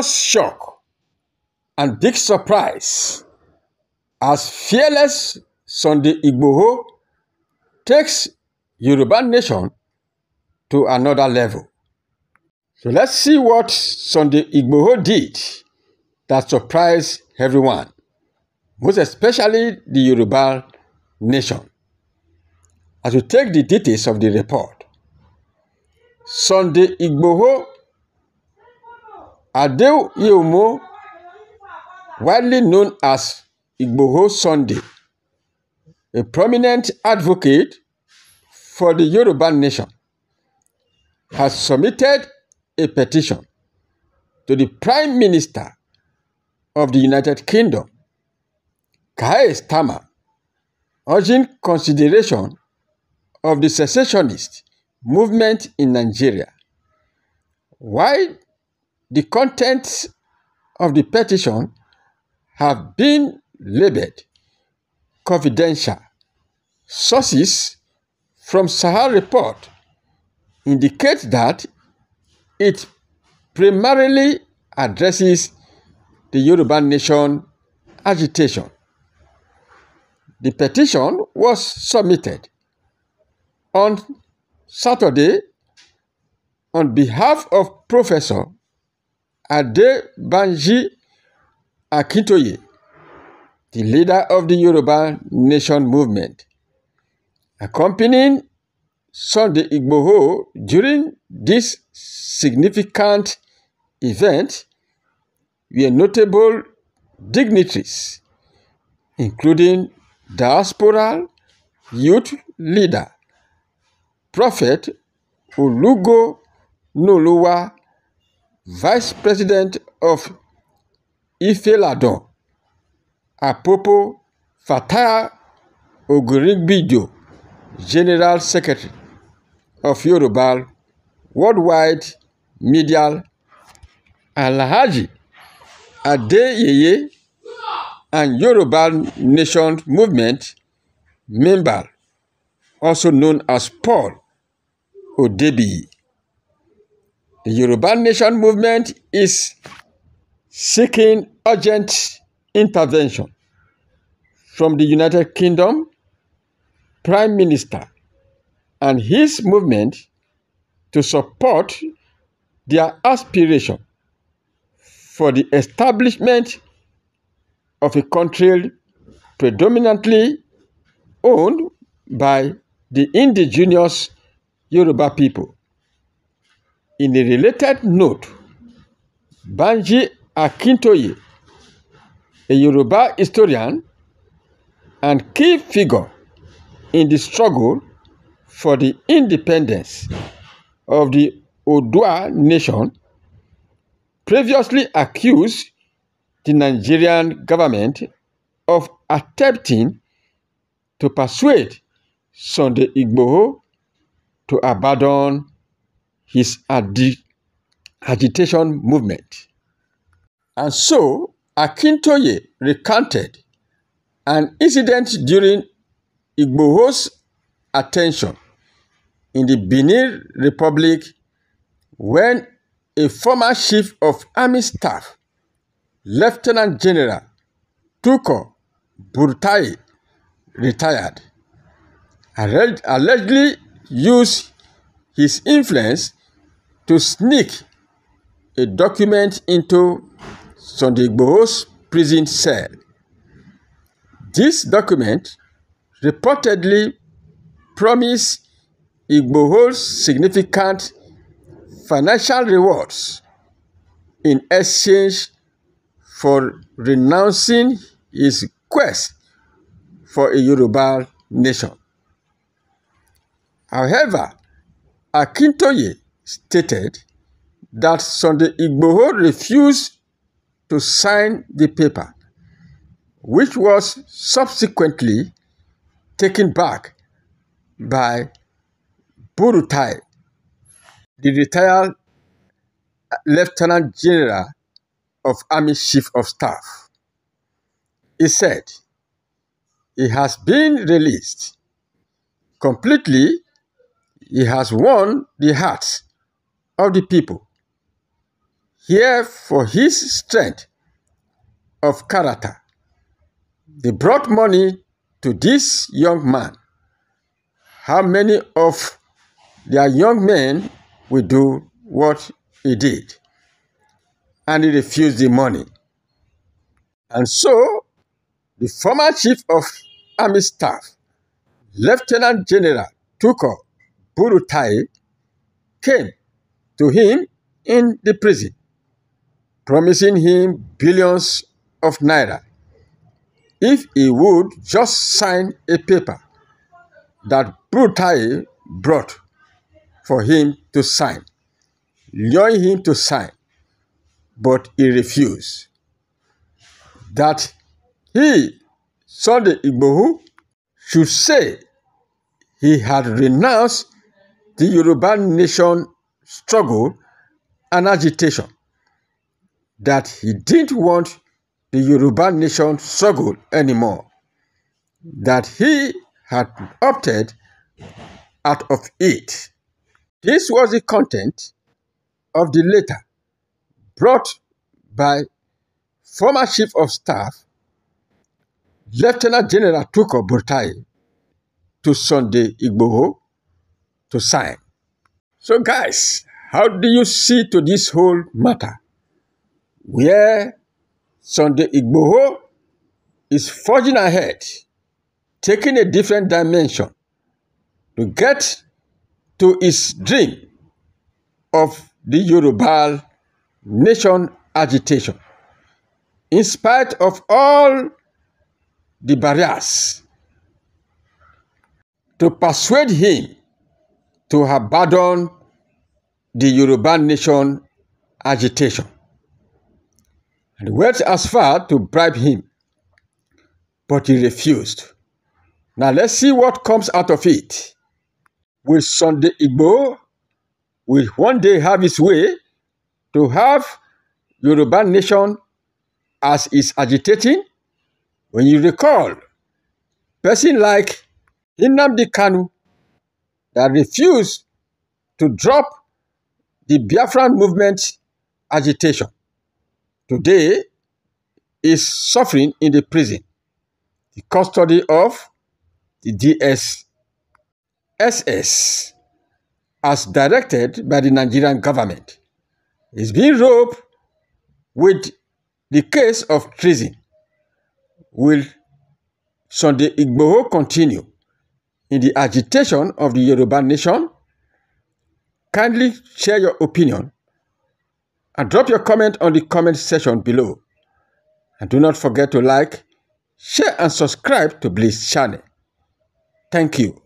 serious shock and big surprise as fearless Sunday Igboho takes Yoruba nation to another level. So let's see what Sunday Igboho did that surprised everyone, most especially the Yoruba nation. As we take the details of the report, Sunday Igboho Adeuyemo, widely known as Igboho Sunday, a prominent advocate for the Yoruba nation, has submitted a petition to the Prime Minister of the United Kingdom, Keir Starmer, urging consideration of the secessionist movement in Nigeria. While The contents of the petition have been labeled confidential. Sources from Sahel report indicate that it primarily addresses the Yoruba nation agitation. The petition was submitted on Saturday on behalf of Professor Adebanji Akintoye, the leader of the Yoruba Nation movement, accompanied Sunday Igboho during this significant event, were notable dignitaries including diasporal youth leader Prophet Olugo Soluwa Vice President of Ifeladon, Apopo Pattaya Ògúnrìgbijo, General Secretary of Yorùbá Worldwide Media, Alhaji Adeyeye and Yorùbá Nation Movement member, also known as Paul Odebi. The Yoruba Nation movement is seeking urgent intervention from the United Kingdom Prime Minister and his movement to support their aspiration for the establishment of a country predominantly owned by the indigenous Yoruba people. In a related note, Banji Akintoye, a Yoruba historian and key figure in the struggle for the independence of the Odua nation, previously accused the Nigerian government of attempting to persuade Sunday Igboho to abandon his adi- agitation movement. And so Akintoye recounted an incident during Igboho's attention in the Benin Republic when a former chief of army staff, Lieutenant General Tuko Burtai, retired, allegedly used his influence to sneak a document into Sunday Igboho's prison cell. This document reportedly promised Igboho significant financial rewards in exchange for renouncing his quest for a Yoruba nation. However, Akintoye stated that Sunday Igboho refused to sign the paper, which was subsequently taken back by Burutai, the retired Lieutenant General of Army Chief of Staff. He said, he has been released completely. He has won the hearts of the people. Here for his strength of character, they brought money to this young man. How many of their young men will do what he did? And he refused the money. And so, the former chief of army staff, Lieutenant General Tuko Burutai, came to him in the prison, promising him billions of naira if he would just sign a paper that Brutai brought for him to sign, luring him to sign, but he refused. That he, Sunday Igbohu, should say he had renounced the Yoruba nation struggle and agitation that he didn't want the Yoruba nation to struggle anymore, that he had opted out of it. This was the content of the letter brought by former Chief of Staff Lieutenant General Tuko Burtai to Sunday Igboho to sign. So, guys, how do you see to this whole matter? Where Sunday Igboho is forging ahead, taking a different dimension to get to his dream of the Yoruba nation agitation. In spite of all the barriers to persuade him to abandon the Yoruba nation agitation and went as far to bribe him, but he refused. Now let's see what comes out of it. Will Sunday Igbo will one day have his way to have Yoruba nation as is agitating? When you recall, person like Hinamdi Kanu that refused to drop the Biafran movement agitation. Today is suffering in the prison, the custody of the DS SS as directed by the Nigerian government. Is being roped with the case of treason. Will Sunday Igboho continue in the agitation of the Yoruba nation? Kindly share your opinion and drop your comment on the comment section below. And do not forget to like, share and subscribe to Bliss channel. Thank you.